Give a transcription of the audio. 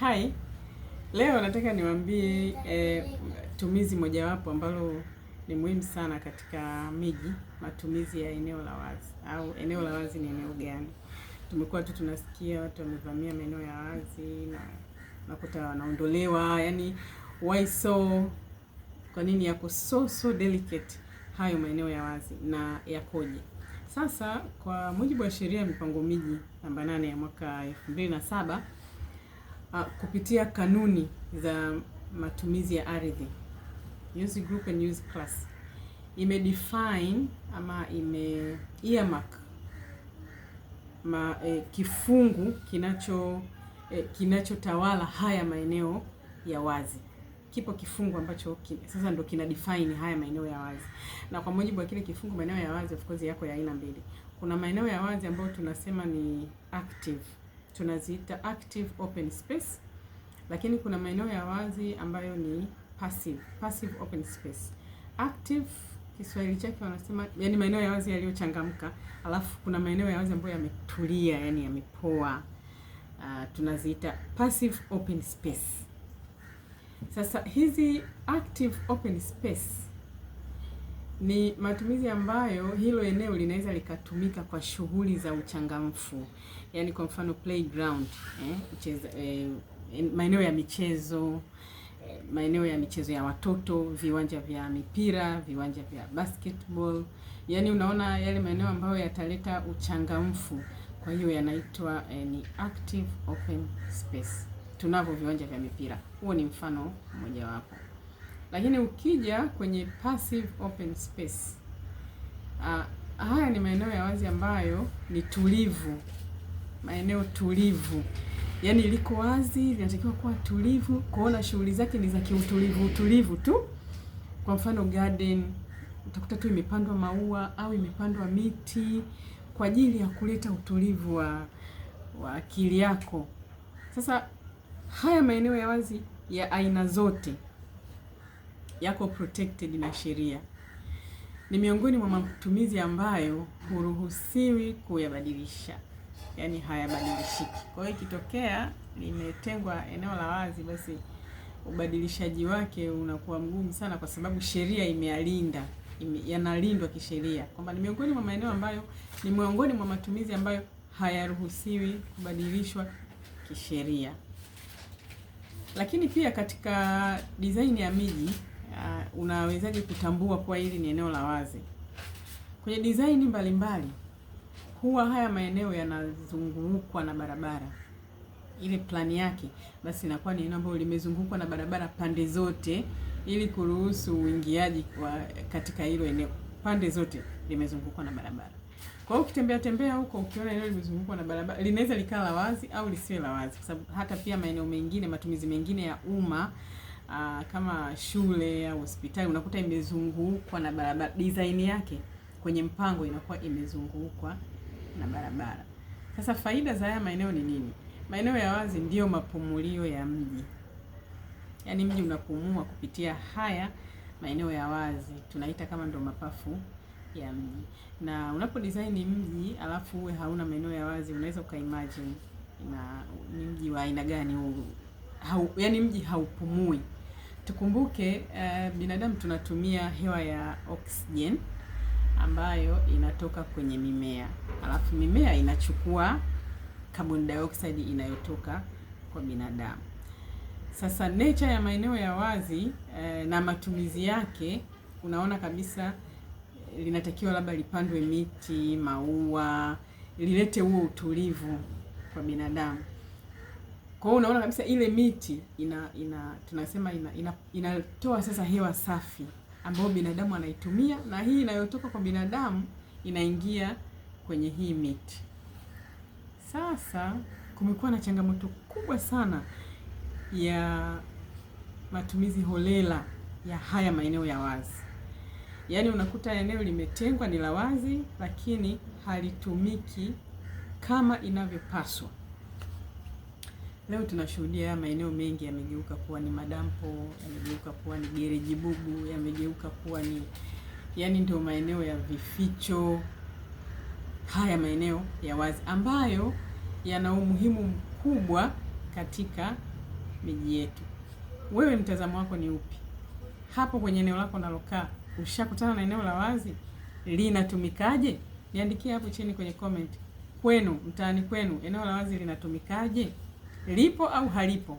Hai, leo nataka niwaambie e, tumizi mojawapo ambalo ni muhimu sana katika miji, matumizi ya eneo la wazi. Au eneo la wazi ni eneo gani? Tumekuwa tu tunasikia watu wamevamia maeneo ya wazi na nakuta wanaondolewa, yani why so, kwa nini yako so so delicate hayo maeneo ya wazi na yakoje? Sasa kwa mujibu wa sheria ya mipango miji namba nane ya mwaka elfu mbili na saba uh, kupitia kanuni za matumizi ya ardhi. use group and use class imedefine ama ime earmark ma, eh, kifungu kinacho eh, kinachotawala haya maeneo ya wazi. Kipo kifungu ambacho sasa ndo kina define haya maeneo ya wazi, na kwa mujibu wa kile kifungu maeneo ya wazi of course yako ya aina mbili. Kuna maeneo ya wazi ambayo tunasema ni active tunaziita active open space, lakini kuna maeneo ya wazi ambayo ni passive, passive open space. Active Kiswahili chake wanasema yani maeneo ya wazi yaliyochangamka, alafu kuna maeneo ya wazi ambayo yametulia, yani yamepoa. Uh, tunaziita passive open space. Sasa hizi active open space ni matumizi ambayo hilo eneo linaweza likatumika kwa shughuli za uchangamfu, yaani kwa mfano playground, eh, kucheza eh, maeneo ya michezo eh, maeneo ya michezo ya watoto, viwanja vya mipira, viwanja vya basketball. Yaani unaona yale maeneo ambayo yataleta uchangamfu, kwa hiyo yanaitwa eh, ni active open space. Tunavyo viwanja vya mipira, huo ni mfano mmojawapo. Lakini ukija kwenye passive open space uh, haya ni maeneo ya wazi ambayo ni tulivu, maeneo tulivu, yaani liko wazi, linatakiwa kuwa tulivu, kuona shughuli zake ni za kiutulivu, utulivu tu. Kwa mfano garden, utakuta tu imepandwa maua au imepandwa miti kwa ajili ya kuleta utulivu wa, wa akili yako. Sasa haya maeneo ya wazi ya aina zote yako protected na sheria. Ni miongoni mwa matumizi ambayo huruhusiwi kuyabadilisha, yaani hayabadilishiki. Kwa hiyo ikitokea limetengwa eneo la wazi, basi ubadilishaji wake unakuwa mgumu sana, kwa sababu sheria imealinda ime, yanalindwa kisheria kwamba ni miongoni mwa maeneo ambayo ni miongoni mwa matumizi ambayo hayaruhusiwi kubadilishwa kisheria. Lakini pia katika design ya miji uh, unawezaje kutambua kuwa hili ni eneo la wazi? Kwenye design mbalimbali huwa haya maeneo yanazungukwa na barabara, ile plani yake basi inakuwa ni eneo ambalo limezungukwa na barabara pande zote, ili kuruhusu uingiaji kwa katika hilo eneo. Pande zote limezungukwa na barabara. Kwa hiyo ukitembea tembea huko ukiona eneo limezungukwa na barabara, linaweza likaa la wazi au lisiwe la wazi, kwa sababu hata pia maeneo mengine, matumizi mengine ya umma uh, kama shule au hospitali unakuta imezungukwa na barabara, design yake kwenye mpango inakuwa imezungukwa na barabara. Sasa faida za haya maeneo ni nini? Maeneo ya wazi ndiyo mapumulio ya mji, yaani mji unapumua kupitia haya maeneo ya wazi, tunaita kama ndo mapafu ya mji. Na unapo design mji alafu uwe hauna maeneo ya wazi, unaweza ukaimagine na ni mji wa aina gani huu? Hau, yaani mji haupumui. Tukumbuke uh, binadamu tunatumia hewa ya oxygen ambayo inatoka kwenye mimea, alafu mimea inachukua carbon dioxide inayotoka kwa binadamu. Sasa nature ya maeneo ya wazi uh, na matumizi yake, unaona kabisa eh, linatakiwa labda lipandwe miti, maua, lilete huo utulivu kwa binadamu. Kwa hiyo unaona kabisa ile miti ina, ina tunasema ina, ina, inatoa sasa hewa safi ambayo binadamu anaitumia na hii inayotoka kwa binadamu inaingia kwenye hii miti. Sasa kumekuwa na changamoto kubwa sana ya matumizi holela ya haya maeneo ya wazi. Yaani unakuta eneo limetengwa ni la wazi, lakini halitumiki kama inavyopaswa. Leo tunashuhudia maeneo mengi yamegeuka kuwa ni madampo, yamegeuka kuwa ni gereji bubu, yamegeuka kuwa ni yani ndio maeneo ya vificho. Haya maeneo ya wazi ambayo yana umuhimu mkubwa katika miji yetu. Wewe mtazamo wako ni upi? Hapo kwenye eneo lako unalokaa, ushakutana na eneo la wazi? Linatumikaje? Niandikie hapo chini kwenye comment. Kwenu mtaani kwenu eneo la wazi linatumikaje? Lipo au halipo.